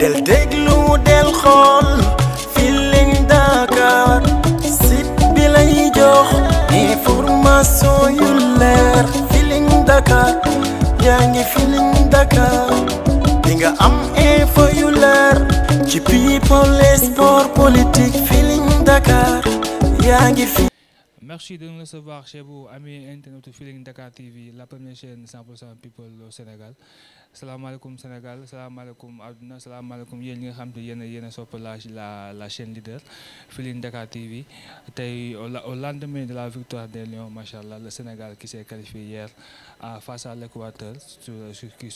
del déglu del xool Feeling Dakar site lay jox information yu leer Feeling Dakar yaa ngi Feeling Dakar di am info yu leer ci people sport politique Feeling Dakar yaa ngi fi. Merci de nous recevoir chez vous, amis internautes Feeling Dakar TV, la première chaîne 100% people au Sénégal. salaamaaleykum Sénégal salaamaaleykum àdduna salaamaaleykum yéen ñi nga xam te yéen a yéen la la la chaîne leader Feeling Dakar TV tey au lendemain de la victoire des Lions macha allah le Sénégal qui s'est qualifié hier euh, face à l'Équateur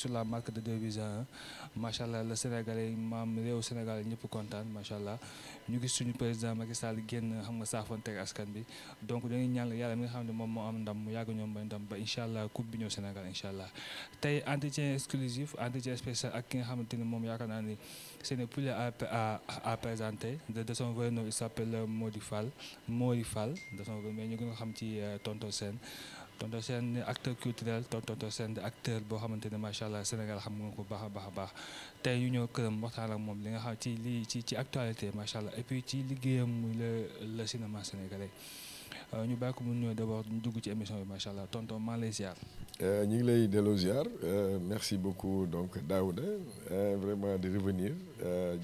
sur la marque de 2 buts à 1 macha allah le sénégalais maam réew sénégal ñëpp kontaan macha allah ñu gis suñu président Macky saal génn xam nga saafanteeg askan bi donc dañuy ñaan yàlla mi nga xam ne moom moo am ndam mu yàgg ñoom ba ndam ba incha allah coupe bi ñëw sénégal incha allah tey entretien exclusif entretien spécial ak nga xamante ni moom yaakaar naa ni ce n'est plus à à présenter de son vrai nom il s'appelle Mody Fall Mody Fall de son vrai ñu gën ko xam ci euh, tonto Sène tonton Sène acteur culturel tonton Sène acteur boo xamante ne macha allah Sénégal xam nga ko baax a baax a baax te ñu ñëw këram waxtaan ak moom li nga xam ci li ci ci actualité macha allah et puis ci liggéeyam muy le le cinéma sénégalais euh, ñu bàyyi ko mu nuyoo d'abord ñu dugg ci émission bi macha allah tonton maa lay ziar. Euh, ñu ngi lay delloo ziar euh, merci beaucoup donc Daouda vraiment de revenir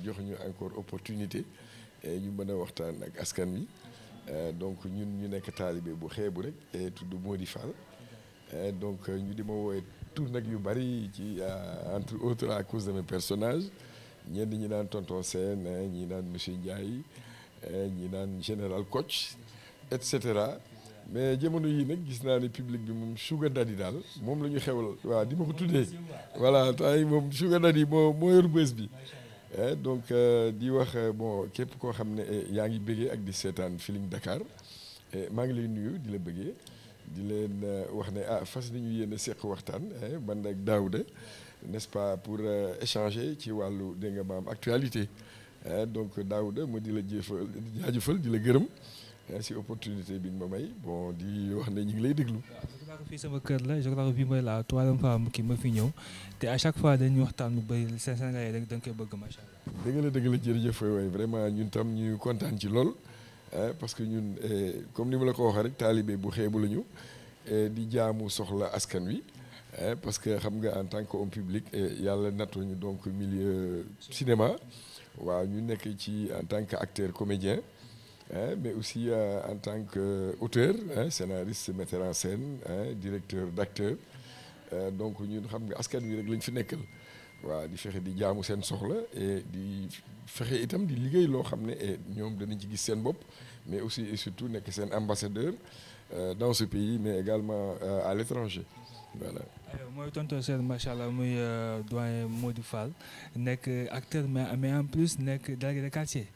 jox ñu encore opportunité ñu mën a waxtaan ak askan wi. Euh, donc ñun ñu nekk taalibe bu xee xeebu rek et tudd Mody Fall euh, donc euh, ñu di ma woowee tur nag yu bari ci entre autres à cause de mes personnages ñenn ñi naan tonton Sène ñi naan monsieur Ndiaye ñi naan général coach et cetera mais jamono yi nag gis naa ne public bi moom Sugar Daddy daal moom la ñu xewal waaw di ma ko tuddee voilà tay moom Sugar Daddy moo moo yor bi Eh, donc euh, di wax euh, bon képp koo xam ne eh, yaa ngi bëggee ak di seetaan Feeling Dakar eh, maa ngi lay nuyu di la bëggee di leen euh, wax ne ah fas nañu yéen a seq waxtaan man ak Daouda n'est-ce pas pour échanger ci wàllu dégg nga maam actualité donc Daouda moo di la jëfal jaajëfal di la gërëm. si opportunité bi nga ma may bon di wax ne ñu ngi lay déglu. je crois que fii sama kër la je crois que bii mooy la troisième fois kii ma fi ñëw te à chaque fois dañuy waxtaan lu bëri Sénégalais rek da nga koy bëgg macha allah. dëgg la dëgg la jërëjëf vraiment ñun tam ñu kontaan ci lool parce que ñun eh, comme ni ma la ko waxee rek taalibe bu xeebu la eh, di jaamu soxla askan wi. parce que xam nga en tant que homme public eh, yàlla nattu ñu donc milieu cinéma waaw ñu nekk ci en tant que acteur comédien. Hein, mais aussi euh, en tant qu'auteur euh, scénariste metteur en scène hein, directeur d'acteur euh, donc ñu xam nga askan wi rek lañ fi nekkal waaw di fexe di jaamu seen soxla et di fexe itam di liggéey loo xam ne ñoom danañ ci gis seen bopp mais aussi et surtout nekk seen ambassadeur euh, dans ce pays mais également euh, à l'étranger voilà. mooy tonton Sène macha allah muy euh, doyen Modou Fall nekk acteur mais mais en plus nekk délégué de quartier.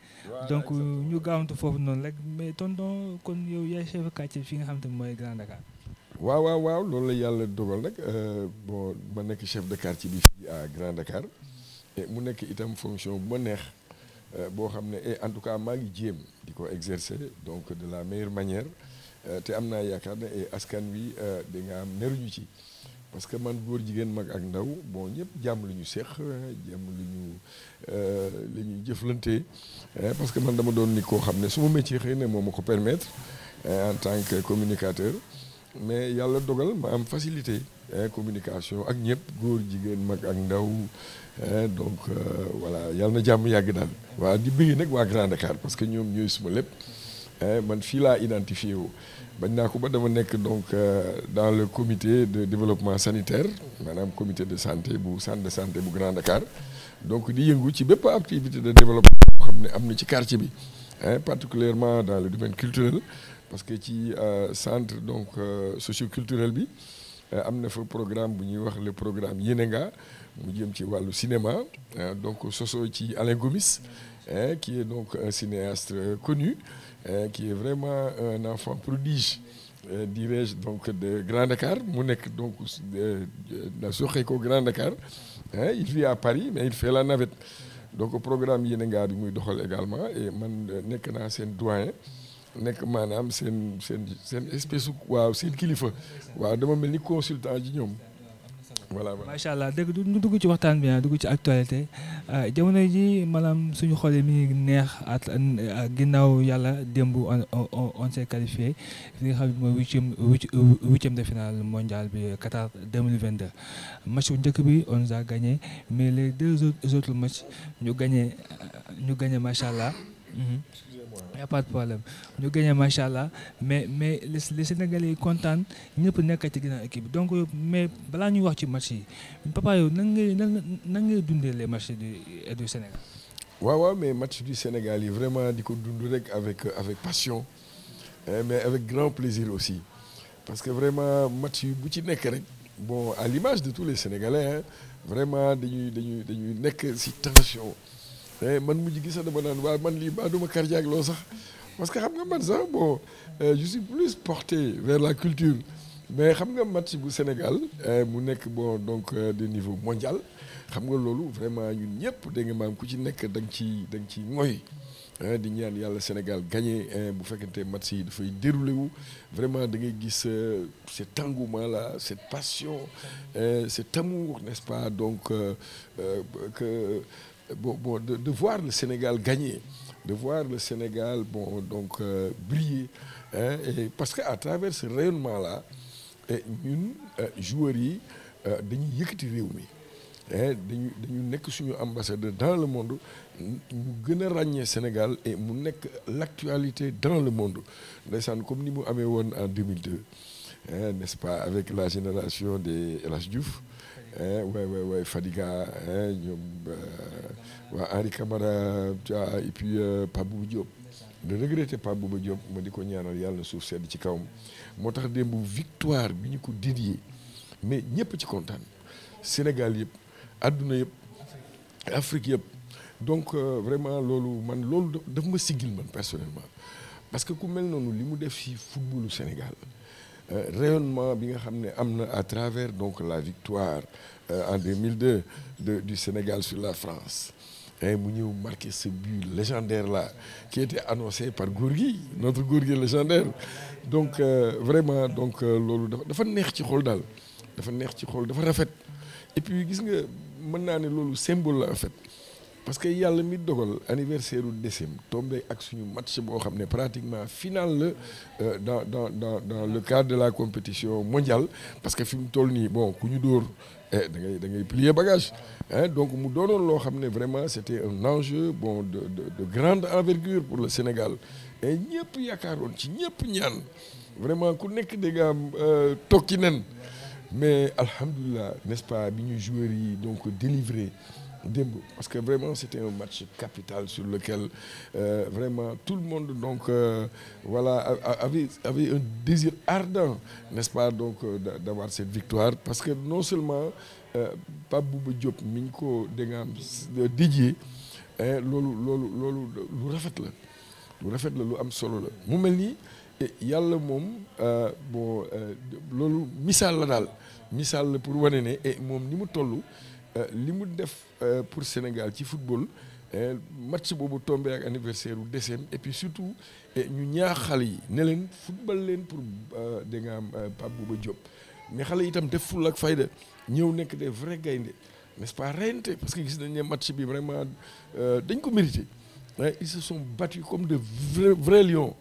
donc euh, ñu gaawantu foofu noonu rek mais tonton kon yow yaay chef quartier fi nga xam te mooy Grand Dakar. waaw waaw waaw loolu la yàlla dogal nag euh, bon ma nekk chef de quartier bi fii à Grand Dakar mm. mu nekk itam fonction bu ma neex euh, boo xam ne en tout cas maa ngi jéem di ko exercer donc de la meilleure manière te am naa yaakaar ne askan wi di nga am neruñu ci. parce que man góor jigéen mag ak ndaw bon ñëpp jàmm lu ñu seq jàmm lu ñu euh, li ñu jëflante parce que man dama doon nit koo xam ne suma métier xëy na moom ma ko permetre en tant que communicateur mais yàlla dogal ma am facilité communication ak ñëpp góor jigéen mag ak ndaw donc euh, voilà yàlla na jàmm yàgg daal waa di bëgg nag waa Grand Dakar parce que ñoom ñooy suma lépp man fii laa identifié wu bañ naa ko ba dama nekk donc euh, dans le comité de développement sanitaire maanaam comité de santé bu centre de santé bu grande Dakar donc di yëngu ci bépp activité de développement boo xam ne am na ci quartier bi particulièrement dans le domaine culturel parce que ci euh, centre donc euh, socioculturel bi am na fa programme bu ñuy wax le programme nga mu jëm ci wàllu cinéma donc sosoo ci Alain hein, qui est donc un cinéaste euh, connu, hein, qui est vraiment un enfant prodige. Euh, donc de grande Dakar mu nekk donc na euh, soxee ko grande car il vit à Paris mais il fait la navette donc programme yéen ngaa bi muy doxal également et man euh, nekk naa seen doyen nekk maanaam seen seen seen espèce waaw seen kilifa waaw dama mel ni consultant ji ñoom voilà macha allah dëgg ñu dugg ci waxtaan bi ah dugg ci actualité ah, jamono ji maanaam suñu xoolee mi neex at ah, ginnaaw yàlla démb on on s'est qualifié li nga xam ne mooy huitième huitième de finale mondial bi Qatar 2022 njëkk bi on a gagné mais les deux autres matchs ñu gagné ñu gagné macha allah. Mhm. y a pas de problème ñu gagné macha allah mais mais les Sénégalais yi kontaan ñëpp nekk ci ginnaaw équipe donc mais balaa ñuy wax ci match yi papa yow nan ngay nan ngay dundee les matchs du du Sénégal. waaw waaw mais match du Sénégal yi vraiment di ko dund rek avec avec passion mais avec grand plaisir aussi parce que vraiment match yi bu ci nekk rek bon à l'image de tous les Sénégalais vraiment dañuy dañuy dañuy nekk si tension. Eh, man mu gi sax dama naan waaye man lii baa duma cardiaque loo sax parce que xam nga man sax bon euh, je plus porté vers la culture mais xam nga match bu Sénégal euh, mu nekk bon donc euh, de niveau mondial xam nga loolu vraiment ñun ñëpp dégg nga maam ku ci nekk dang nga ci da nga ci mooy eh, di ñaan yàlla Sénégal gagné eh, bu fekkente match yi dafay déroulé wu vraiment da ngay gis cet engouement là cette passion cet amour n'est-ce pas donc que bon, bon, de, voir le Sénégal gagner, de voir le Sénégal bon, donc, euh, briller. Hein, et parce qu'à travers ce rayonnement-là, ñun euh, joueurs yi euh, dañuy yëkkati réew mi dañu dañu nekk suñu ambassadeur dans le monde ñu gën a ràññee Sénégal et mu nekk l'actualité dans le monde san comme ni mu amee woon en 2002 n'est-ce pas avec la génération des El Hadj Diouf eh, ouais, ouais, ouais, Fadiga, hein, eh, euh, waa Henri Camara et bu euh, Pape Bouba Diop ne regrettez bu Bouba Diop ma di ko ñaanal yàlla na suuf sedd ci kaw moo tax démb victoire bi ñu ko dédié mais ñëpp ci kontaan Sénégal yëpp adduna yëpp Afrique yëpp donc euh, vraiment loolu man loolu daf ma siggil man personnellement parce que ku mel noonu li mu def ci footballu Sénégal Euh, rayonnement bi nga xam ne am na à travers donc la victoire euh, en 2002 de du Sénégal sur la France et mu ñëw marqué ce but légendaire la qui était annoncé par Gorgui notre Gorgui légendaire donc euh, vraiment donc loolu dafa dafa neex ci xool daal dafa neex ci xool dafa rafet et puis gis nga mën naa ne loolu symbol la en fait parce que yàlla mi dogal anniversaire u décem tombé ak suñu match boo xam ne pratiquement final la euh, dans le cadre de la compétition mondiale parce que fi mu toll nii bon ku ñu dóor eh, da ngay da plier bagage hein donc mu doonoon loo xam ne vraiment c'était un enjeu bon de de de grande envergure pour le Sénégal et ñëpp yaakaaroon ci ñëpp ñaan vraiment ku nekk da nga am euh, tokki nen mais alhamdulilah n'est-ce pas bi ñu joueurs yi donc délivré démb parce que vraiment c'était un match capital sur lequel euh, vraiment tout le monde donc euh, voilà avait avait un désir ardent n'est-ce pas donc euh, d'avoir cette victoire parce que non seulement euh, Pape Bouba Diop mi ñu ko dégg nga euh, dédié loolu loolu lu rafet la lu rafet la lu am solo la mu mel nii eh, yàlla moom bon loolu missaal la daal misaal la pour wane ne eh, moom ni mu toll Euh, li mu def euh, pour Sénégal ci football euh, match boobu tombé ak anniversaire u décenn et puis surtout ñu ñaax xale yi ne leen football leen pour da nga am Pape Bouba Diop mais xale yi itam def ful ak fayda ñëw nekk des vrai gaynde n'est-ce pas reyante parce que gis nañ ne match bi vraiment dañ ko mérité ils se sont battus comme de vrais vrais lions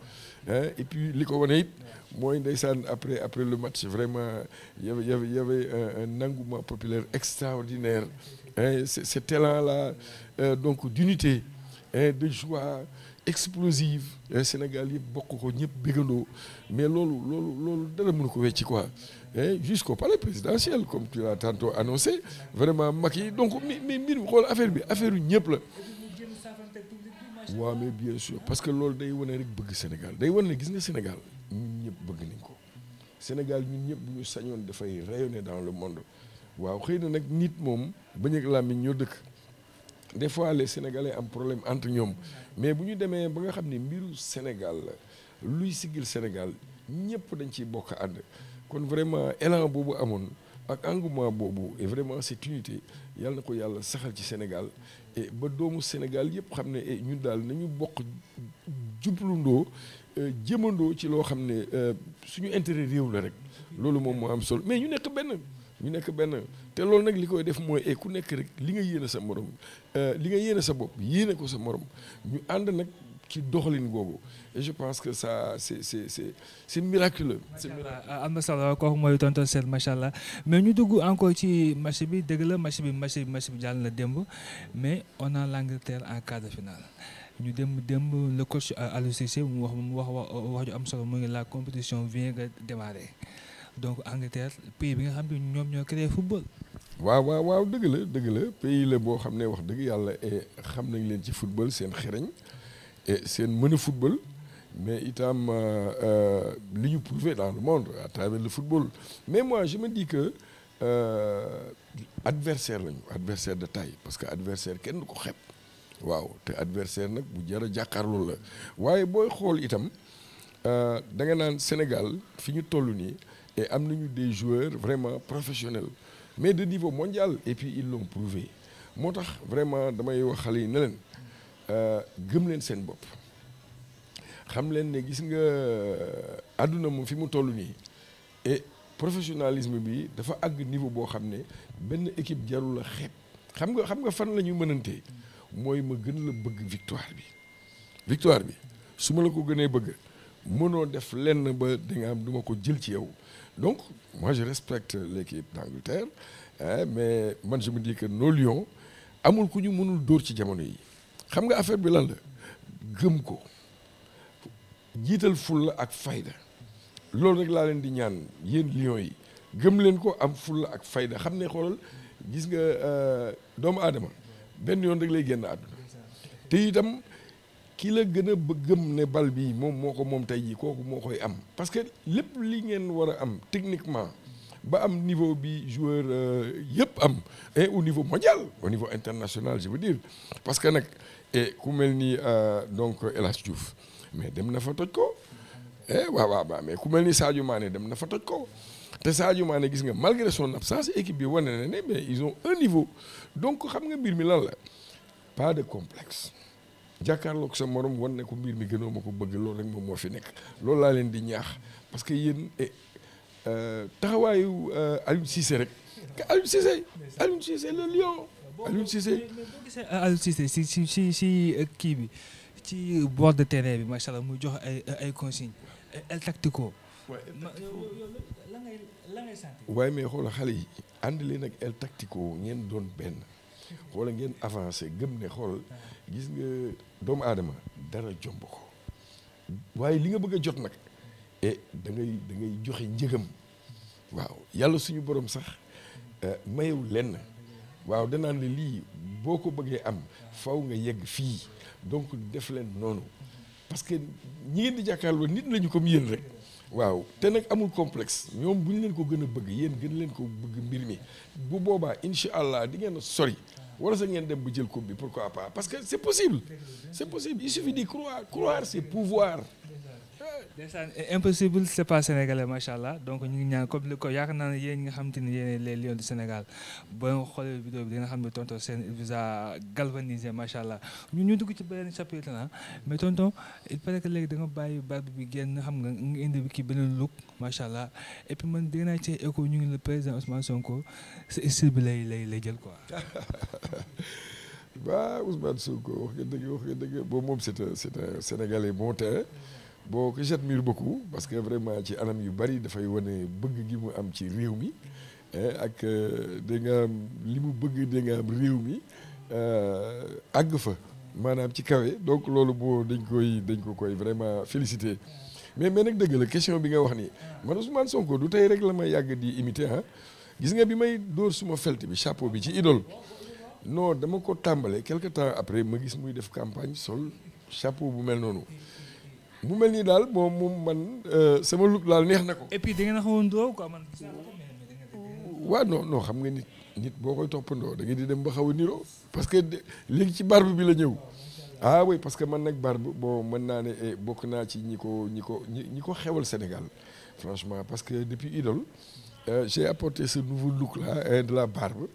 et li ko wane it mooy ndeysaan après après le match vraiment y avait y avait y avait un, un engouement populaire extraordinaire hein, ce talent là euh, donc d'unité hein, de joie explosive Sénégal yëpp bokk ko ñëpp bëggandoo mais loolu loolu loolu dara mënu ko wecci quoi et jusqu'au palais présidentiel comme tu l'as tantôt annoncé vraiment mag yi donc mi mi mbir mi xool affaire bi affaire yu ñëpp la waaw mais bien sûr parce que loolu day wane rek bëgg Sénégal day wane ne gis nga Sénégal ñun ñëpp bëgg nañ ko Sénégal ñun ñëpp bu ñu sañoon dafay rayonner dans le monde waaw xëy na nag nit moom bañ ak làmmiñ ñoo dëkk des fois les Sénégalais am problème entre ñoom mais bu ñu demee ba nga xam ni mbiru Sénégal la luy sigil Sénégal ñëpp dañ ciy bokk ànd kon vraiment élan boobu amoon ak engouement boobu et vraiment cette unité yàlla na ko yàlla saxal ci Sénégal ba doomu Sénégal yëpp xam ne eh, ñun daal nañu bokk jubluwandoo. Euh, jëmandoo ci loo xam ne euh, suñu intérêt réew la rek loolu moom moo am solo mais ñu nekk benn ñu nekk benn te loolu nag li koy def mooy e ku nekk rek li nga yéene sa morom euh, li nga yéene sa bopp yéena ko sa morom ñu ànd nag ci doxalin googu je pense que ça c'est c'est c'est c'est miraculeux. am na solo kooku mooy tonton Sène macha mais ñu dugg encore ci match bi dëgg la match bi match bi match bi jàll na démb mais on a l'Angleterre en quart de finale. ñu dem dem le coach euh, Aliou Cissé mu wax mu wax wax ju am solo mu ngi la compétition vient nga démarrer donc Angleterre pays bi nga xam ne ñoom ñoo créé football. waaw waaw waaw dëgg la dëgg la pays la boo xam ne wax dëgg yàlla eh, xam nañ leen ci football seen xereñ seen mën a football mais itam euh, euh, li ñu prouvé dans le monde à travers le football mais moi je me dis que euh, adversaire lañu adversaire de taille parce que adversaire kenn du ko xeeb waaw te adversaire nag bu jar a jàkkaarloo la waaye booy xool itam da nga naan Sénégal fi ñu toll nii et am ñu des joueur vraiment professionnels mais de niveau mondial et puis ils l'ont prouvé moo tax vraiment damay wax xale yi ne leen Euh, gëm leen seen bopp xam leen ne gis nga euh, àdduna moom fi mu toll nii et professionnalisme bi dafa àgg niveau boo xam ne benn équipe jarul a xeeb xam nga xam nga fan la ñu mënantee mooy ma gën la bëgg victoire bi victoire bi su ma la ko gënee bëgg mënoo def lenn ba da nga am du ko jël ci yow donc moi je respecte l'équipe d'Angleterre mais man je me dis que nos lions amul ku ñu mënul dóor ci jamono yi xam nga affaire bi lan la gëm ko jiital fulla ak fayda loolu rek laa leen di ñaan yéen lion yi gëm leen ko am fulla ak fayda xam ne xoolal gis nga euh, doomu aadama benn yoon rek lay génn àdduna te itam ki la gën a gëm ne bal bi moom moo ko moom tey jii kooku moo koy am parce que lépp li ngeen war a am techniquement ba am niveau bi joueur euh, yëpp am et au niveau mondial au niveau international je veux dire parce que nag et ku mel ni euh, donc El Hadj mais dem na fa toj ko eh waaw waaw waaw mais ku mel ni Sadio Mané dem na toj ko te Sadio Mané gis nga malgré son absence équipe bi wane na ne mais ils ont un niveau donc xam nga mbir mi lan la pas de complexe jàkkaarloog sa moroom wan ne ko mbir mi gënoo ma ko bëgg loolu rek moom moo fi nekk loolu laa leen di ñaax parce que yéen eh, euh, taxawaayu euh, Aliou Cissé rek Aliou Cissé Aliou Cissé Aliou Cissé ah, Aliou Cissé si si si si euh, kii bi ci bord de terrain bi macha allah muy jox ay ay consignes el tactico. waaye mais xoola xale yi ànd leen ak el tactico ngeen doon benn xoola ngeen avancé gëm ne xool ah. gis nga doomu aadama dara jomb ko waaye li nga bëgg jot nag e da ngay joxe njëgam waaw yàlla suñu borom sax eh, mayewul lenn. waaw danaan la lii boo ko bëggee am faw nga yegg fii donc def leen noonu parce que ñi ngeen di jàkkaar jàkkaarloo nit lañu comme yéen rek waaw te nag amul complexe ñoom bu ñu leen ko gën a bëgg yéen gën leen ko bëgg mbir mi bu boobaa incha allah di ngeen sori wala sa ngeen dem ba jël coupe bi pourquoi pas parce que c'est possible c'est possible il suffit d'y croire croire c'est pouvoir ndeysaan eh, impossible c'est pas sénégalais macha allah donc ñu ngi ñaan comme li ko yaakaar naa ne yéen ñi nga xamante ni yéen les lions du Sénégal ba nga xoolee vidéo bi di xam ne tonton seen visa galvanisé macha allah ñu ñu dugg ci beneen chapitre na ah, mais tonton il paraît que léegi da bàyyi barbe bi génn xam nga nga indi kii beneen look macha allah et puis man ci écho ñu ngi le président Ousmane Sonko sa style bi lay lay lay jël quoi. waaw Ousmane Sonko wax nga bon teint. bon que j'admire beaucoup parce que vraiment ci anam yu bari dafay wane bëgg gi mu am ci réew mi eh, ak euh, da nga li mu bëgg da nga am réew mi euh, àgg fa maanaam ci kawe donc loolu boo dañ koy dañ ko koy vraiment féliciter mais mais nag dëgg la question bi nga wax ni man Ousmane Sonko du tey rek la ma yàgg di imiter ah gis nga bi may dóor suma felt bi chapeau bi ci idol no dama ko tàmbale quelque temps après ma gis muy def campagne sol chapeau bu mel noonu mu mel nii daal moom moom man euh, sama look daal neex na ko. et puis da ngeen a xawoon doo quoi man. waaw non non xam nga nit nit boo koy toppandoo da ngeen di dem ba xaw a niroo parce que léegi ci barbe bi la ñëw. ah oui parce que man nag barbe boo mën naa ne eh, bokk naa ci ñi ko ñi ko ñi ko xewal Sénégal franchement parce que depuis Idole euh, j'ai apporté ce nouveau look là de la barbe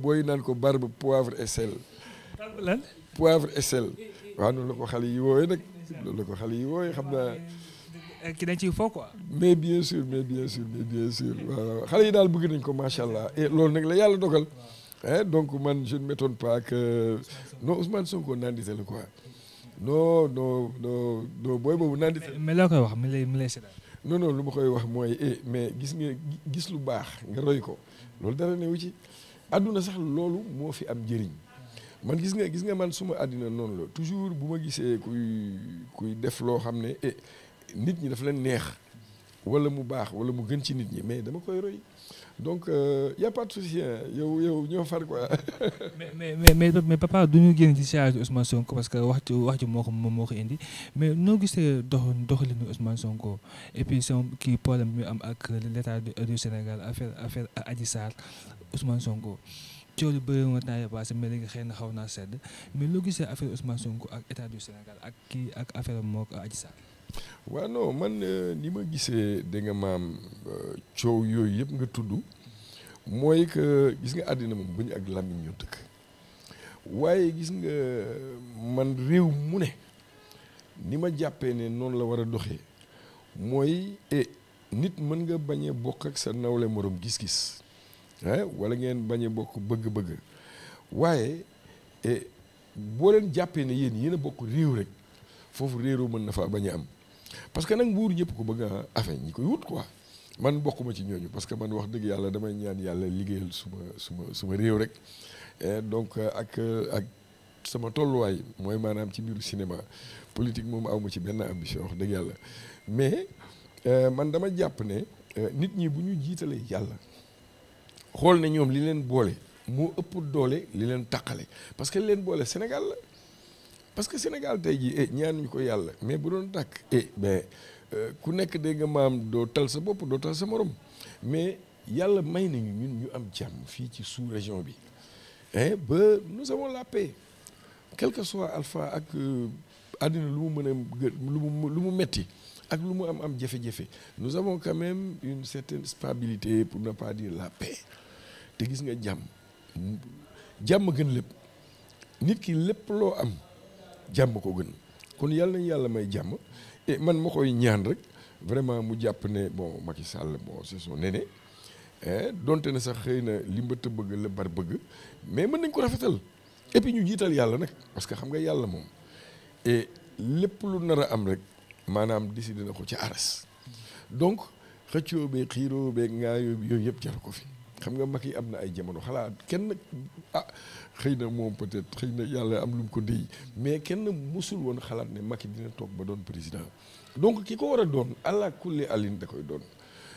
booy naan ko barbe poivre et sel. poivre et sel waaw noonu la ko xale yi woowee nag. loolu la ko xale yi wooye xam naa. Eh, ki dañ ciy foo quoi. mais bien sûr mais bien sûr mais bien sûr waaw xale yi daal bëgg nañ ko macha allah loolu nag la yàlla dogal. eh donc man je ne m'étonne pas que non Ousmane Sonko nandite la quoi non non non booy boobu nandite. mais loo koy wax mi lay mi lay seetaan. non lu ma koy wax mooy eh mais gis nga gis lu baax nga roy ko loolu dara newu ci adduna sax loolu moo fi am njëriñ. man gis nga gis nga man suma àddina noonu la toujours bu ma gisee kuy kuy def loo xam ne eh, nit ñi daf leen neex wala mu baax wala mu gën ci nit ñi mais dama koy roy donc euh, y a yow yow ñoo far quoi. mais mais mais mais papa du ñu génn ci charge Ousmane Sonko parce que wax ci wax ci moo ko moo ko indi mais noo gisee dox doxalinu Ousmane Sonko et puis son kii problème bi ñu am ak l' état du Sénégal affaire affaire Adji Sarr Ousmane Sonko. coow lu bëri woon temps yii passé mais léegi xëy na xaw naa sedd mais loo gisee affaire Ousmane Sonko ak état du Sénégal ak kii ak affaire moo Adji Sarr. waaw non man euh, ni ma gisee da maam euh, coow yooyu yëpp nga tudd mooy que gis nga àddina moom bu ak làmmiñ ñoo dëkk waaye gis nga euh, man réew mu ne ni ma jàppee ne noonu la war a doxee mooy eh, nit mën nga bañ a bokk ak sa nawle morom gis-gis. wala ngeen bañ a bokk bëgg-bëgg waaye e, boo leen jàppee ne yéen yéen a bokk réew rek foofu réeroo mën na faa bañ am parce que nag nguur ñëpp ko bëgg a affaire ñi koy wut quoi man bokkuma ci ñooñu parce que man wax dëgg yàlla damay ñaan yàlla liggéeyal suma suma suma réew rek e, donc ak ak sama tolluwaay mooy maanaam ci biiru cinéma politique moom awma ci benn ambition wax dëgg yàlla mais e, man dama jàpp ne nit ñi bu ñu jiitalee yàlla xool na ñoom li leen boole moo ëpp doole li leen taqale parce que li leen boole Sénégal la parce que Sénégal tey jii ñaan eh, ñaanuñu ko yàlla mais bu doon tàkk eh ben euh, ku nekk de nga maam doo tal sa bopp doo tal sa morom mais yàlla may nañu ñu ñu am jàmm fii ci sous région bi eh ba nous avons la paix quel que soit alpha ak euh, àddina lu mu mën a lu mu lu mu metti ak lu mu am am jafe-jafe nous avons quand même une certaine stabilité pour ne pas dire la paix te gis nga jàmm jàmm gën lépp nit kii lépp loo am jàmm ko gën kon yàlla nañ yàlla may jàmm et man ma koy ñaan rek vraiment mu jàpp ne bon Macky Sall bon c'est son aîné donte ne sax xëy na li mbëtt bëgg la bar bëgg mais mën nañ ko rafetal et ñu jiital yàlla nag parce que xam nga yàlla moom et lépp lu nar a am rek maanaam décidé na ko ci aras donc xëccoo beeg xiiroo beeg ngaayoo bi yooyu yëpp jar ko fi xam nga mag yi am na ay jamono xalaat kenn ah xëy na moom peut-être xëy na yàlla am lu mu ko déy mais kenn mësul woon xalaat ne Macky dina toog ba doon président donc ki ko war a doon allah kulli alin da koy doon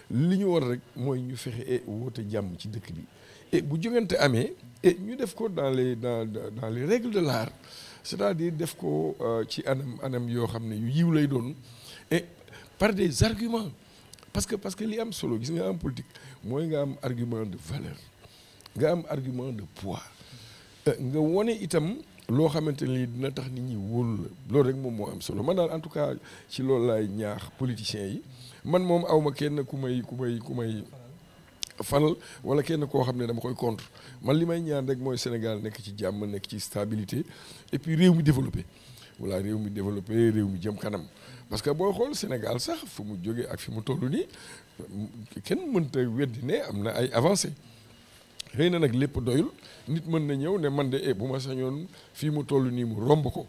li ñu war rek mooy ñu fexe e woote jàmm ci dëkk bi eh, bu jongante amee eh, ñu def ko dans les dans dans les règles de l'art c'est-à-dire def ko euh, ci anam anam yoo xam ne yu yiw lay doon et par des arguments parce que parce que li am solo gis nga am politique mooy nga am argument de valeur nga am argument de poids euh, nga wone itam loo xamante ni dina tax nit ñi wóolu la loolu rek moom moo am solo man daal en tout cas ci loolu laay ñaax politiciens yi man moom awma kenn ku may ku may ku may fanal wala kenn koo xam ne dama koy contre man li may ñaan rek mooy Sénégal nekk ci jàmm nekk ci stabilité et puis réew mi développé wala réew mi développé réew mi jëm kanam parce que boo xool Sénégal sax fu mu jógee ak fi mu tollu nii kenn mënta weddi ne am na ay avancé xëy na nag lépp doyul nit mën na ñëw ne man de e bu ma fii mu toll nii mu romb ko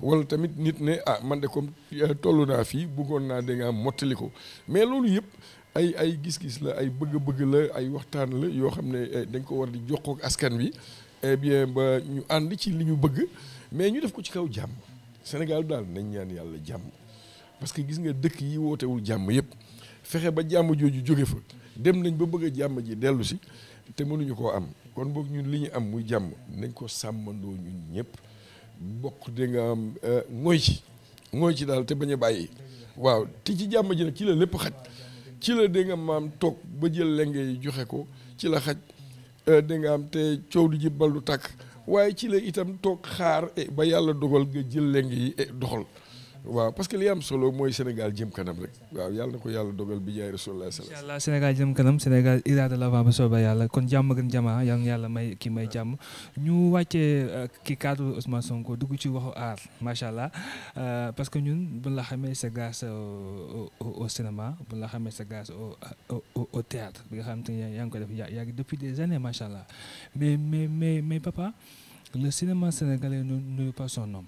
wala tamit nit ne ah man de comme eh, toll naa fii bëggoon naa danga ngaa mottali ko mais loolu yëpp ay ay gis-gis la ay bëgg-bëgg la ay waxtaan la yoo xam ne eh, dañ ko war di jox ak askan wi eh bien ba ñu ànd ci li ñu bëgg mais ñu def ko ci kaw jàmm. Sénégal daal nañ ñaan yàlla jàmm parce que gis nga dëkk yi wootewul jàmm yëpp fexe ba jàmm jooju jóge fa dem nañ ba bëgg jàmm ji dellu si te mënuñu koo am kon boog ñun li ñu am muy jàmm nañ ko sàmmandoo ñun ñëpp bokk da nga am mooy euh, ci mooy ci daal te bañ bàyyi waaw te ci jàmm ji nag ci la lépp xaj ci la da maam toog ba jël lenge yi joxe ko ci la xaj euh, da am te coow du ji ballu tàkk waaye ci la itam toog xaar eh, ba yàlla dogal nga jël leng yi eh, doxal waaw parce que li am solo mooy Sénégal jëm kanam rek waaw yàlla na ko yàlla dogal bi jaay Sénégal jëm kanam Sénégal ira de l'avant ba soobee yàlla kon jàmm gën jamaa ah, yàlla may kii may jàmm ñu wàccee euh, kii cadre Ousmane Sonko dugg ci wax aar macha allah euh, parce que ñun bula la xamee sa grâce au cinéma bu la xamee sa grâce au théâtre bi nga xam te yaa ngi ko def yaa ngi depuis des années macha allah mais mais mais mais papa le cinéma sénégalais ne nuyu nom.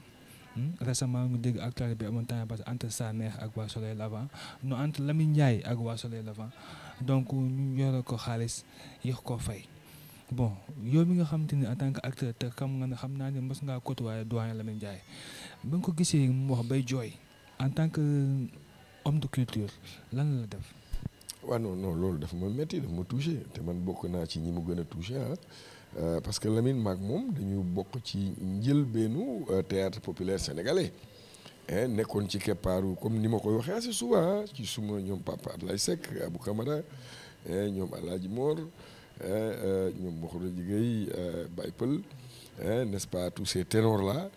Hmm? récemment nga dégg actualité bi amoon temps parce que entre Sanex ak waa Soleil Levant no entre Lamine Ndiaye ak waa Soleil Levant donc ñu yore ko xaalis yéex koo fay bon yow mi nga xam te ni en tant que acteur te xam nga ne xam naa ne mos ngaa côtoyer doyen Lamine Ndiaye ba nga ko gisee mu wax bay jooy en tant que homme de culture lan la def. waaw non non loolu dafa ma métti dafa ma touché te man bokk naa ci ñi mu gën a touché ah. Euh, parce que Lamine maag moom dañu bokk ci njëlbeenu euh, théâtre populaire sénégalais eh, nekkoon ci keppaaru comme ni ma koy waxee assez souvent ah, ci suma ñoom papa Ablaye Seck Abou Camara eh, ñoom Alaaji Moor eh, euh, ñoom Mokhara Jigéey Baye Pël n'est-ce pas tous ces ténors là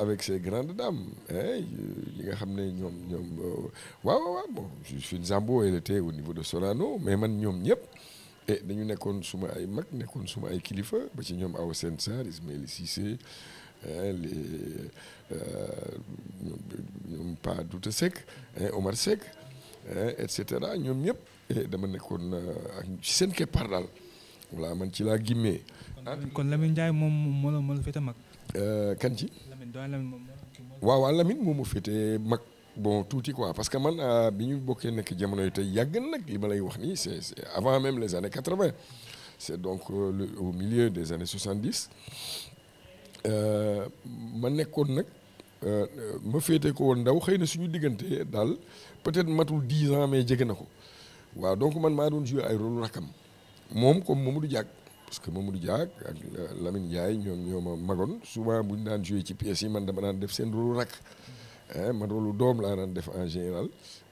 avec ces grandes dames ñi nga xam ne ñoom ñoom waaw waaw waaw bon Justine Zambo elle était au niveau de Sorano mais man ñoom ñëpp et eh, dañu nekkoon suma ay mag nekkoon suma ay kilifa ba ci ñoom aw seen Sarr Ismaïla Cissé les euh, ñoom Pa Douta Seck Omar Seck et cetera ñoom ñëpp eh, dama nekkoon euh, ak ci seen keppaar daal voilà man ci laa gimmee. kon Lamine Ndiaye moom moo la moo la féete mag. Euh, kan ci. waaw waaw Lamine moom moo féete mag. bon tuuti quoi parce que man euh, bi ñu bokkee nekk jamono yi tey yàgg nag li ma lay wax nii c'est c'est avant même les années quatre-vingt c'est donc euh, le au milieu des années soixante-dix euh, ma nekkoon nag ma féete ko woon ndaw xëy na suñu diggante daal peut-être matul dix ans mais jege na ko waaw donc man maa doon jouer ay rôle rakam moom comme du Diak parce que Mamadou Diak ak Lamine Ndiaye ñoom ñoo ma magoon souvent bu ñu daan jouer ci pièces yi man dama daan def seen rôle rak man rôle doom laa daan def en général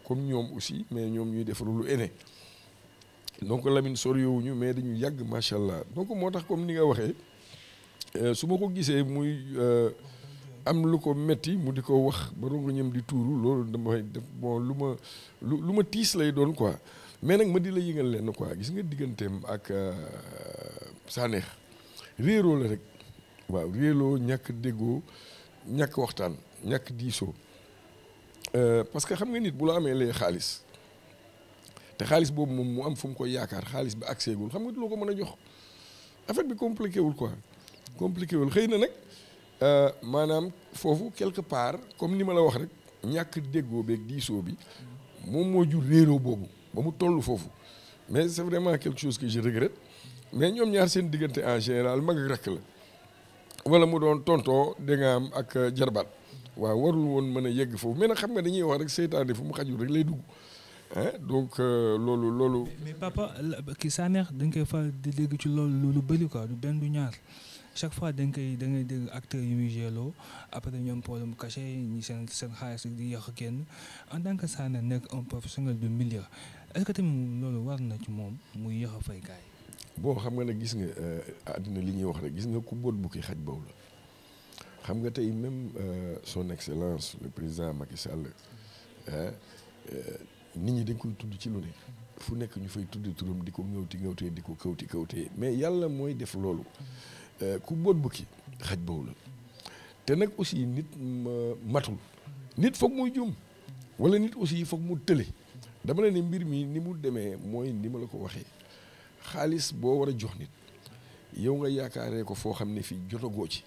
comme ñoom aussi mais ñoom ñuy def rôle aîné donc Lamine soriwuñu mais dañu yàgg macha allah donc moo tax comme ni nga waxee euh, su ma ko gisee muy euh, am lu ko metti mu di ko wax ba rongoñam di tuuru loolu damay def bon lu ma lu lu ma tiis lay doon quoi mais nag ma di la yëngal lenn quoi gis nga digganteem ak euh, Sanex réeroo la rek waaw réeroo ñàkk déggoo ñàkk waxtaan ñàkk diisoo Euh, parce que xam nga nit bu la amee lee xaalis te xaalis boobu moom mu am fu mu koy yaakaar xaalis bi accès gul xam nga du ko mën a jox affaire bi compliqué wul quoi compliqué wul xëy na nag euh, maanaam foofu quelque part comme ni ma la wax rek ñàkk déggoo beeg diisoo bi moom moo jur réeroo boobu ba mu toll foofu mais c'est vraiment quelque chose que je regrette mais ñoom ñaar seen diggante en général mag ak rakk la wala mu doon tontoo da am ak euh, jarbaat waaw warul woon mën a yegg foofu mais nag xam nga dañuy wax rek seytaane fu mu xajul rek lay dugg ah donc euh, loolu loolu. mais papa kii sànneex dañ koy faral di dégg ci loo lu bëri quoi du benn ñaar chaque fois dañ da ngay dégg acteurs yu muy géeloo après ñoom problème caché ñi seen seen xaalis di yàq kenn en tant que Sanex nekk un professionnel du milieu est-ce que loolu war na ci moom muy yàq fay gars yi. bon xam nga nag gis nga euh, àddina li ñuy wax rek gis nga ku boot bukki xaj boobu la. xam nga tey même euh, son excellence le président Macky Sall euh, nit ñi dañ koy tudd ci lu ne fu nekk ñu fay tudd turam di ko ngawti ngawtee di ko kawti kawtee mais yàlla mooy def loolu euh, ku boot bukki xaj boobu la te nag aussi nit matul nit foog muy juum walla nit aussi foog mu tële dama la ne mbir mi ni mu demee mooy ni ma la ko waxee xaalis boo war a jox nit yow nga yaakaaree ko foo xam ne fii jotagoo ci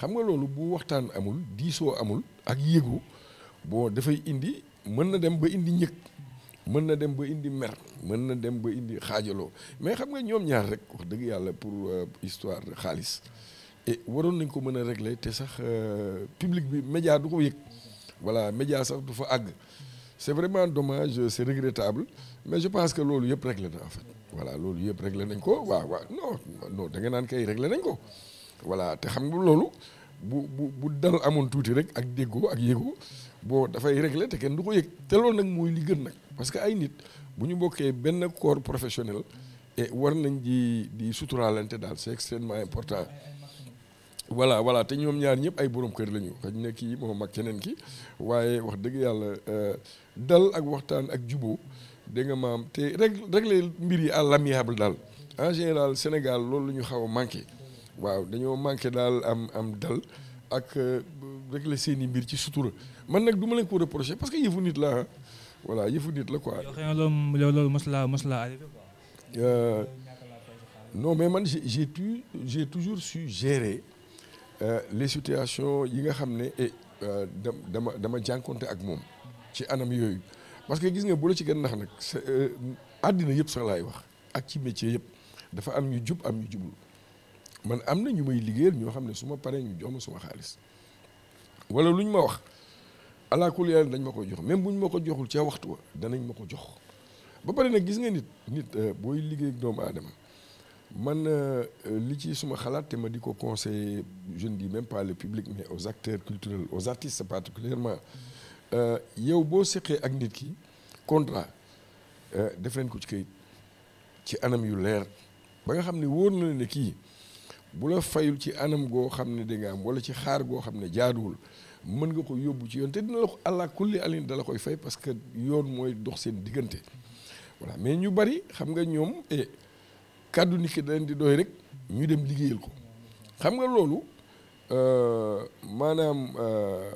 xam nga loolu bu waxtaan amul diisoo amul ak yëgu boo dafay indi mën na dem ba indi ñëg mën na dem ba indi mer mën na dem ba indi xaajaloo mais xam nga ñoom ñaar rek wax dëgg yàlla pour euh, histoire xaalis et eh, waroon nañ ko mën a régler te sax euh, public bi média du ko yëg voilà média sax du fa àgg c'est vraiment dommage c'est regrettable mais je pense que loolu yëpp réglé na en fait voilà loolu yëpp réglé nañ ko waaw waaw non da nga naan kay réglé nañ ko voilà te xam nga loolu bu bu bu dal amoon tuuti rek ak déggoo ak yëgoo boo dafay régler te kenn du ko yëg te loolu nag mooy li nag parce que ay nit bu ñu bokkee benn corps professionnel et war nañ di di suturaalante daal c'est extrêmement important voilà voilà te ñoom ñaar ñëpp ay borom kër la ñu xaj na kii moom ak keneen ki waaye wax dëgg yàlla euh, dal ak waxtaan ak juboo dégg maam te rek régler mbir yi à l'amiable daal en général Sénégal loolu la ñu xaw a manqué waaw dañoo manqué daal am am dal ak euh, régler seen i mbir ci sutura man nag du ma leen ko reproché parce que yëfu nit la ah voilà yëfu nit la quoi. loolu loolu la mos la arrivé quoi. Euh, non mais man j'ai tu toujours su gérer euh, les situations yi nga xam ne et euh, dama dama jànkonte ak moom ci anam yooyu parce que gis nga bu la ci gën nax nag àddina yëpp sax laay wax ak ci métier yëpp dafa am ñu jub am ñu jubul man am na ñu may liggéeyal ñoo xam ne su ma paree ñu jox ma suma xaalis wala luñ ma wax alaakul yàlla dañ ma ko jox même buñ ma ko joxul ca waxtu wa danañ ma ko jox ba pare nag gis nga nit nit euh, booy liggéey doomu aadama man euh, li ci suma xalaat te ma di ko conseiller je ne dis même pas le public mais aux acteurs culturels aux artistes particulièrement euh, yow boo seqee ak nit ki contrat def ko ci kayit ci anam yu leer ba nga xam ne wóor na ne kii. bu la fayul ci anam goo xam ne di am wala ci xaar goo xam ne jaaduwul mën nga ko yóbbu ci yoon te dina la ko allah kulli alin dala koy fay parce que yoon mooy dox seen diggante voilà mais ñu bari xam nga ñoom eh, kàddu nit ki da di doy rek ñu dem liggéeyal ko xam nga loolu euh, maanaam euh,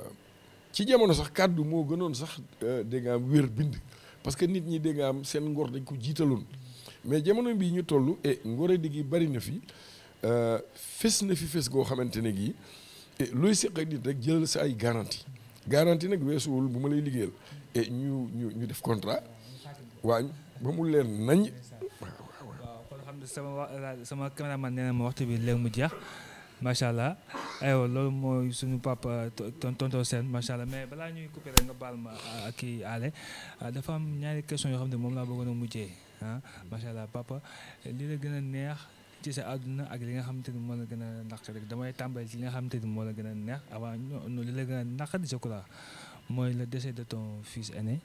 ci jamono sax kàddu moo gënoon sax euh, dégg nga am wér bind parce que nit ñi dégg am seen ngor dañ ko jiitaloon mais jamono bii ñu toll e ngore di gi bari na fii Euh, fis na fi fés goo xamante ne gii looy seq ak nit rek jëlal sa ay garantie garantie nag weesuwul bu ma lay liggéeyal ñu ñu ñu def contrat waañ ba mu leen nañ. waaw kon xam ne sama sama caméraman nee na ma waxtu bi léegi mu jeex macha allah aywa loolu mooy suñu papa tonton seen macha allah mais balaa ñuy coupé nga baal ma euh, kii aale euh, dafa am ñaari question yoo xam ne moom laa bëggoon a mujjee ah macha allah papa li la gën a neex. ci sa àdduna ak li nga xamante ni moo la gën a naqari damay tàmbali ci li nga xamante ni moo la gën a neex avant ñoo li la gën a naqari je crois mooy le décès de ton fils aîné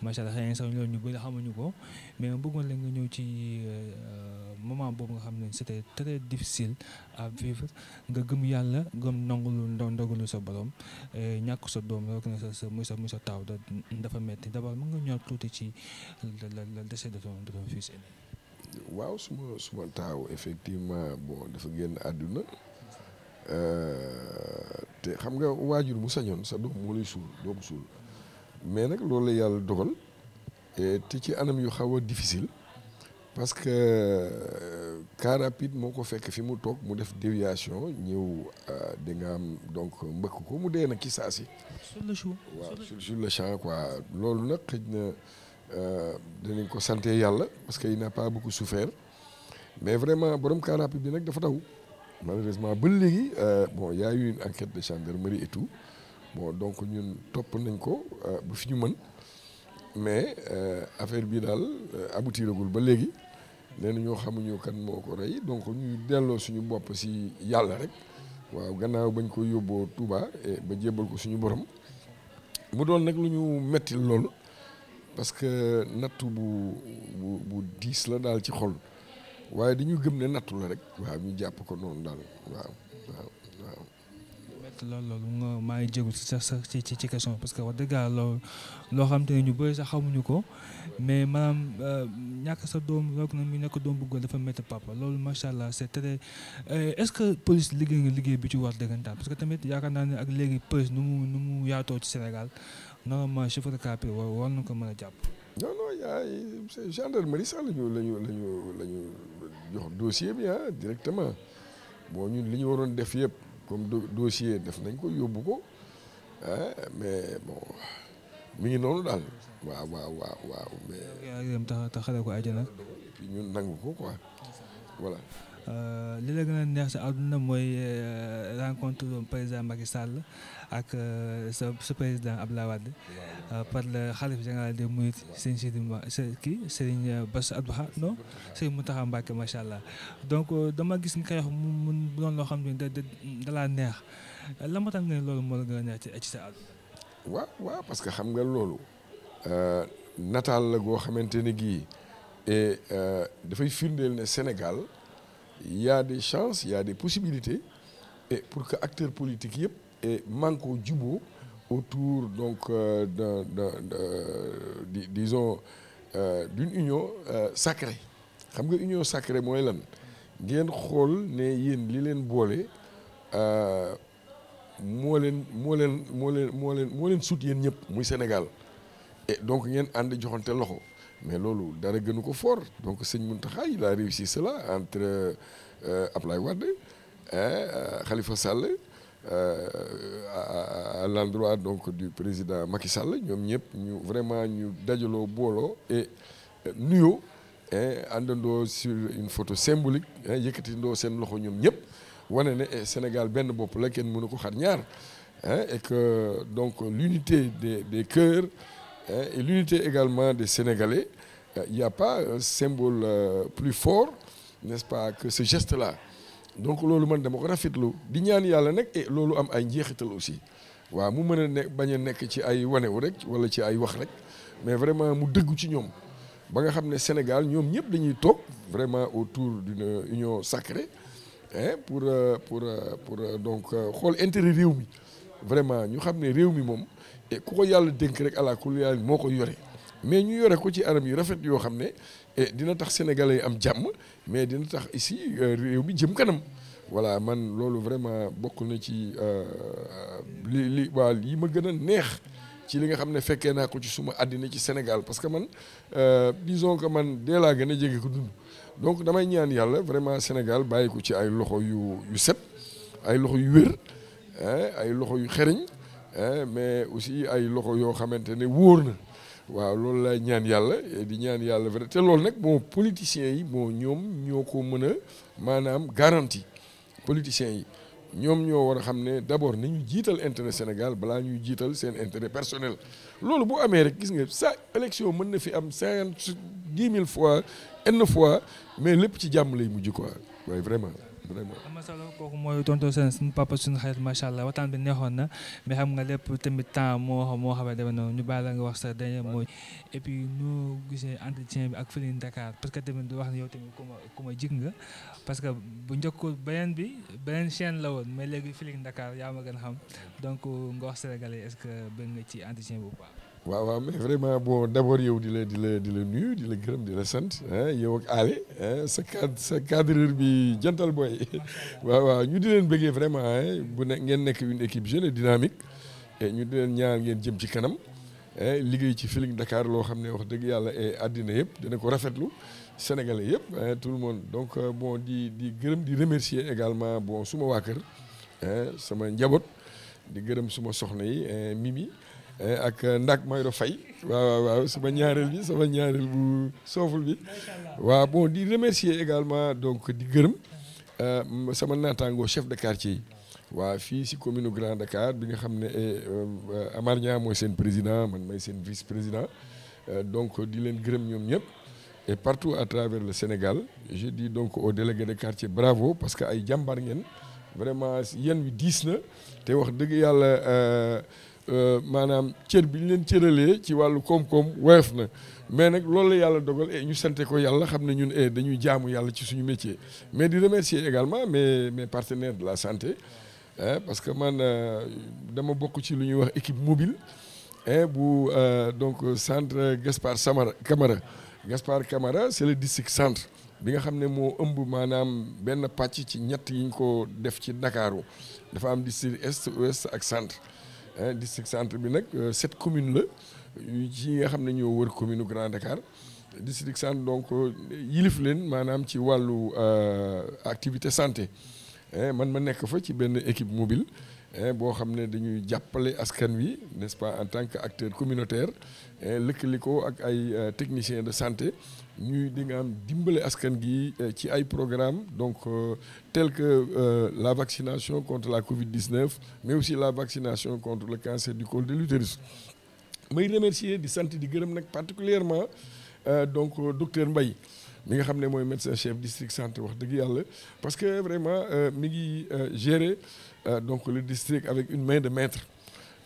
macha allah xëy na sax loolu ñu bëri xamuñu ko mais bëggoon la nga ñëw ci euh, moment boobu nga xam ne c'était très difficile à vivre nga gëm yàlla gëm nangulu ndogalu sa borom euh, ñàkk sa doom rek na sa sa muy sa muy sa taaw dafa metti d'abord mën nga ñëw tuuti ci le décès de ton de ton fils aîné waaw suma suma taaw effectivement bon dafa génn àdduna euh, te xam nga waajur mu sañoon sa doom moo lay suul doom suul mais nag loolu la yàlla dogal te ci anam yu xaw a difficile parce que euh, car moo ko fekk fi mu toog mu def déviation ñëw euh, di nga am donc mbëkk ko mu dee nag ci saa si. sur le waaw sur le champ loolu nag xëj na. Euh, danañ ko sante yàlla parce que il n'a pas beaucoup souffert mais vraiment borom car bi nag dafa taw malheureusement ba léegi euh, bon y a eu une enquête de gendarmerie et tout bon donc ñun topp nañ ko euh, ba fi ñu mën mais affaire bii daal aboutiragul ba léegi nee na ñoo xamuñu kan moo ko rey donc ñu delloo suñu bopp si yàlla rek waaw gannaaw bañ ko yóbboo Touba eh, ba jébbal ko suñu borom mu doon nag lu ñu metti loolu parce que nattu bu bu bu diis la daal ci xol waaye dañu gëm ne nattu la rek waaw ñu jàpp ko noonu daal waaw waaw waaw loolu loolu nga maa ngi jégalu sax sa ci ci question parce que wax dëgg yàlla loolu loo xam te ne ñu bëri sax xamuñu ko mais maanaam euh, ñàkk sa doom roog na mu nekk doom bu góor dafa métti papa loolu macha allah c'est très euh, est-ce que police liggéey nga liggéey bi ci war dëggantaan parce que tamit yaakaar naa ne ak léegi police nu mu nu mu yaatoo ci Sénégal normalement chauffeur de caapir war war na ko mën a jàpp. non non yaay gendarmerie sax la ñu la ñu ñu la ñu jox dossier bi ah directement boo ñun li ñu waroon def yëpp comme dossier def nañ ko yóbbu ko ah mais bon mi ngi noonu daal. waaw waaw waaw waaw mais. yaa ngi dem tax taxale ko àjjana. ñun nangu ko quoi. voilà. Euh, li la gën a neex sa àdduna mooy euh, rencontre président Macky Sall ak euh, sa sa président Abdoulaye Wade par le khalife général des Mourides sëñ Sidi kii sëñ Bass Abdou Khadre non sëñ Mountakha Mbacké macha allah donc dama gis nga koy mu mun doon loo xam ne da da laa neex la ma tax nga ne loolu moo la gën a neex ci sa àdduna. parce que xam nga loolu nataal la goo xamante ni gii et dafay firndeel ne Sénégal. il de a des chances il possibilités pour que acteurs politiques yëpp et manko juboo autour donc euh, d'un d'un disons euh, d'une union euh, sacrée xam nga union sacrée mooy lan ngeen xool ne yéen li leen boole euh, moo leen moo leen moo leen moo leen moo leen sut yéen ñëpp muy Sénégal et donc ngeen ànd joxante loxo mais loolu dara gënu ko foor donc sëñ Mountakha il a réussi cela entre euh, Ablaye Wade euh, Khalifa Sall euh, à l'endroit donc du président Macky Sall ñoom ñëpp ñu vraiment ñu dajaloo booloo et nuyoo àndandoo sur une photo yëkkatindoo seen loxo ñoom ñëpp wane ne eh, Sénégal benn bopp la kenn mënu ko xar ñaar et que donc l'unité des cœurs hein, et l'unité également de Sénégalais, euh, il n'y a pas symbole euh, plus fort, n'est-ce pas, que ce geste-là. donc loolu man dama ko rafetlu di ñaan yàlla nag loolu am ay njeexital aussi waaw mu mën a ne bañ a nekk ci ay wanewu rek wala ci ay wax rek mais vraiment mu dëggu ci ñoom ba nga xam ne Sénégal ñoom ñëpp dañuy toog vraiment autour d'une union sacré hein pour euh, pour pour donc xool intérêt réew mi vraiment ñu xam ne réew mi moom et ku ko yàlla dénk rek allah kulli yàlla moo ko yore mais ñu yore ko ci anam yu rafet yoo xam ne dina tax sénégalais yi am jàmm mais dina tax ici euh, réew bi jëm kanam voilà man loolu vraiment bokk na ci euh, li li waa lii ma gën a neex. ci li nga xam ne fekkee naa ko ci suma àddina ci Sénégal parce que man euh, disons que man dee laa gën a jege ko dund donc damay ñaan yàlla vraiment Sénégal bàyyi ko ci ay loxo yu yu set ay loxo yu wér ay loxo yu xereñ mais aussi ay loxo yoo xamante ne wóor na waaw loolu laay ñaan yàlla di ñaan yàlla vrai te loolu nag bon politiciens yi bon ñoom ñoo ko mën a maanaam garantie politiciens yi ñoom ñoo war a xam ne ni ñu jiital intérêt Sénégal balaa ñuy jiital seen intérêt personnel loolu bu amee rek gis nga sa élection mën na fi am cinquante dix mille fois n fois mais lépp ci jàmm lay mujj quoi waaye vraiment vraiment. am na solo kooku mooy tonton Sène suñu papa suñu xarit macha allah waxtaan bi neexoon na mais xam nga lépp tamit temps moo xam moo xam ne demee noonu ñu la nga wax sa dernier mot et puis ñu gisee entretien bi ak Feeling ndakaar parce que tamit du wax ne yow tamit ku ma ku ma nga parce que bu njëkkoon beneen bi beneen chaîne la woon mais léegi Feeling ndakaar yaa ma gën a xam donc nga wax Sénégalais est-ce que bëgg nga ci entretien bu baax. waaw waaw mais vraiment bon d' abord yow di la di la di la nuyu di la gërëm di la sant yow ak Allé sa cadre sa cadreur bi jantal booy waaw waaw ñu di leen bëggee vraiment bu nekk ngeen nekk une équipe jeune et dynamique ñu di leen ñaan ngeen jëm ci kanam liggéey ci Feeling ndakaar loo xam ne wax dëgg yàlla et àddina yëpp dina ko rafetlu sénégalais yëpp tout le monde donc euh, bon di di gërëm di remercier également bon suma waa kër sama njaboot di gërëm suma soxna yi Mimi. Eh, ak eh, ndak Mayoro fay waaw waaw waaw sama ñaareel bi sama ñaareel bu sooful bi waaw bon di remercier également donc di gërëm eh, sama naataango chef de quartier yi waaw fii si commune Grand Dakar bi nga xam ne Amar Niang mooy seen président man may seen vice président donc di leen gërëm ñoom ñëpp et partout à travers le Sénégal je dis donc aux délégués de quartier bravo parce que ay jàmbar ngeen vraiment yéen wi diis na te wax dëgg yàlla Euh, maanaam cër bi ñu leen cëralee ci wàllu koom-koom woyof na mais nag loolu la yàlla dogal et ñu sante ko yàlla xam ne ñun e dañuy jaamu yàlla ci suñu métier mais di remercier également mais mais partenaires de la santé parce que man euh, dama bokk ci lu ñuy wax équipe mobile bu euh, donc centre Gaspard Samara Camara Gaspard Camara c'est le district centre bi nga xam ne moo ëmb maanaam benn pàcc ci ñett yi ñu ko def ci Ndakaaru dafa am district est ouest ak centre district centre bi nag euh, sept commune la ci nga xam ne ñoo wër commune Grand Dakar district centre donc euh, yilif leen maanaam ci wàllu euh, activité santé man ma nekk fa ci benn équipe mobile boo xam ne dañuy jàppale askan wi n'est-ce pas en tant que acteur communautaire lëkkali ko ak ay techniciens de santé ñuy di nga dimbale askan gi euh, ci ay programme donc euh, tel que euh, la vaccination contre la Covid-19 mais aussi la vaccination contre le cancer du col de l'utérus may remercier di sant di gërëm nag particulièrement donc docteur mbay mi nga xam ne mooy médecin chef district santé wax dëgg yàlla parce que vraiment mi ngi gérer donc le district avec une main de maître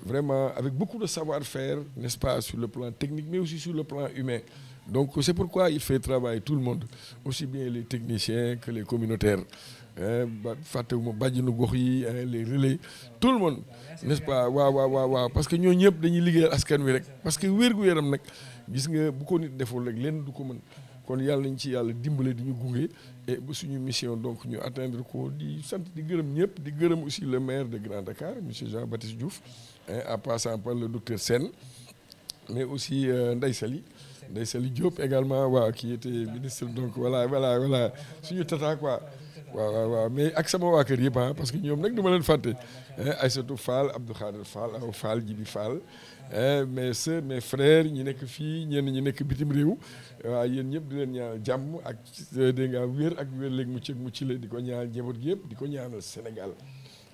vraiment avec beaucoup de savoir-faire n'est-ce pas sur le plan technique mais aussi sur le plan humain Donc c'est pourquoi il fait travailler tout le monde, aussi bien les techniciens que gox yi les relais, tout le monde, n'est-ce pas waaw waaw waaw waaw parce que ñoo ñëpp dañuy liggéeyal askan wi rek parce que wér-gu-yaram nag gis nga bu ko nit defoo rek lenn du ko mën kon yàlla nañ ci yàlla dimbale di ñu gunge et ba suñu mission donc ñu atteindre ko di sant di gërëm ñëpp di gërëm aussi le maire de Grand Dakar monsieur Jean Baptiste Diouf en passant par le docteur Sène mais aussi euh, Ndeye Sali Ndeye Saly Diop également waa qui était ministre donc voilà voilà voilà suñu tata quoi waaw waaw waaw mais ak sama waa kër yëpp ah, parce que ñoom nag du ma leen fàtte eh, Aïssatou Fall Abdou Khader Fall Aw Fall Jibi Fall eh, mais sœurs mais frères ñi nekk fii ñenn ñi nekk bitim réew waa yéen ñëpp du leen ñaanal jàmm ak dégg nga wér ak wér léegi mucc ak mucc la di ko ñaanal njaboot gi yëpp di ko ñaanal Sénégal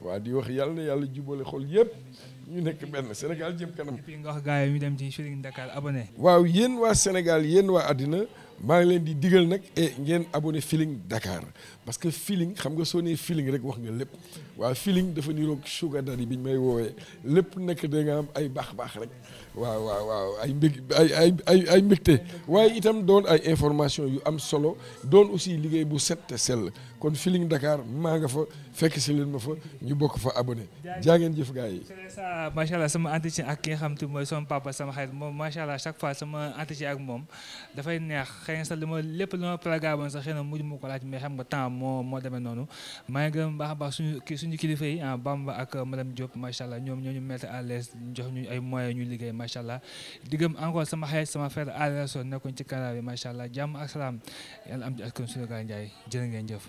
waa di wax yàlla na yàlla jubale xol yëpp ñu nekk benn Sénégal jëm kanam. et nga wax gars yi ñu dem ci Feeling waaw yéen waa Sénégal yéen waa àddina maa ngi leen di digal nag e ngeen abonné Feeling Dakar parce que Feeling xam nga soo nee Feeling rek wax nga lépp waaw Feeling dafa niroog sugar daddy bi ñu may woowee lépp nekk da nga am ay baax baax rek waaw waaw waaw ay mbég ay ay ay ay mbégte waaye itam doon ay information yu am solo doon aussi liggéey bu set te sell. kon Feeling Dakar maa nga fa fekk si leen ma fa ñu bokk fa abonné jaa ngeen jëf gars yi. ça allah sama entretien ak ki nga xam te mooy sama papa sama xarit moom macha allah chaque fois sama entretien ak moom dafay neex xëy na sax ma lépp li ma programme sax xëy na mujj mu ko laaj mais xam nga temps moo moo demee noonu maa ngi gërëm baax a baax suñu suñu kilifa yi ah, ak madame Diop macha allah ñoom ñoo ñu mettre à l'aise jox ñu ay moyens ñu liggéey macha allah di gëm encore sama xarit sama frère Aliou Sow nekkoon ci canal jàmm ak salaam yàlla am ci askan suñu gaal Ndiaye jërë ngeen jëf